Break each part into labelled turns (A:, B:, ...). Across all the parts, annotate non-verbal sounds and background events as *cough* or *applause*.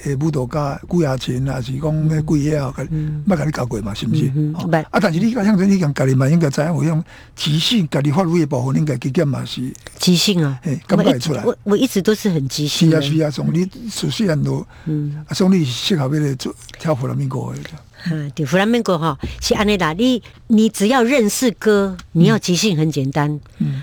A: 誒，舞蹈家古雅琴啊，是講咩貴嘢啊？唔、嗯、乜，唔乜，你教過嘛？毋是，是？嗯，明、嗯、白。啊，但是你鄉村你同家己嘛，應該知道有種即興，家裏發揮嘢部分應該結結嘛，是即興啊。咁你出來，我一我，我一直都是很即興。是啊是啊，從你熟悉人路，嗯，從、嗯啊、你適合俾你做跳佛朗明哥嘅。嗯，
B: 對，佛朗明哥嚇，是安尼啦。你你只要認識歌，你要即興，很簡單，嗯。嗯嗯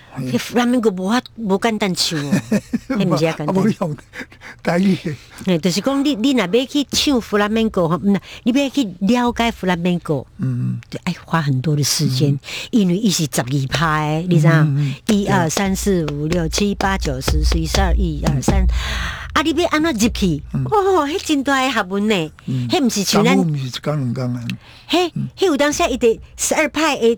B: *music* *music* 嗯、佛朗明哥無法，無簡單唱哦，是不是啊？簡單，介著
A: 哎，就
B: 是講，你你那要去唱佛朗明哥哈，唔呐，你要去了解佛朗明哥，嗯，哎，花很多的時間、嗯，因為伊是十二拍，嗯嗯嗯你知影？一二三四五六七八九十，十一十二一二三，啊，你要按怎入去，哦，真大學問呢，嘿、嗯，唔、嗯、是全。干部
A: 唔是剛剛剛啊，嘿，
B: 嘿時，有當時伊得十二拍誒。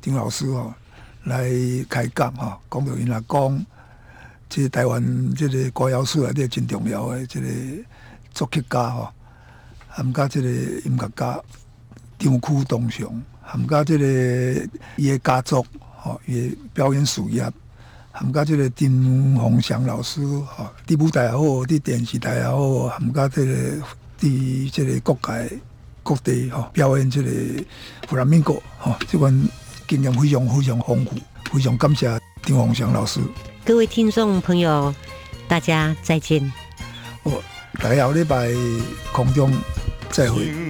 A: 丁老師哦，來開講嚇、哦，講到而來講即係台灣，即係歌謠史書係啲真重要嘅，即係作曲家嚇，含加即係音樂家，張邱東松含加即係伊嘅家族嚇，伊、哦、表演事業含加即係丁洪祥老師嚇，啲、哦、舞台又好，啲電視台又好，含加即係啲即係各界各地嚇、哦、表演即係湖南民國嚇，即、哦、係。非常非常豐富，非常感謝張鳳翔老師。
B: 各位聽眾朋友，大家再
A: 見。我嚟日禮拜空中再會。嗯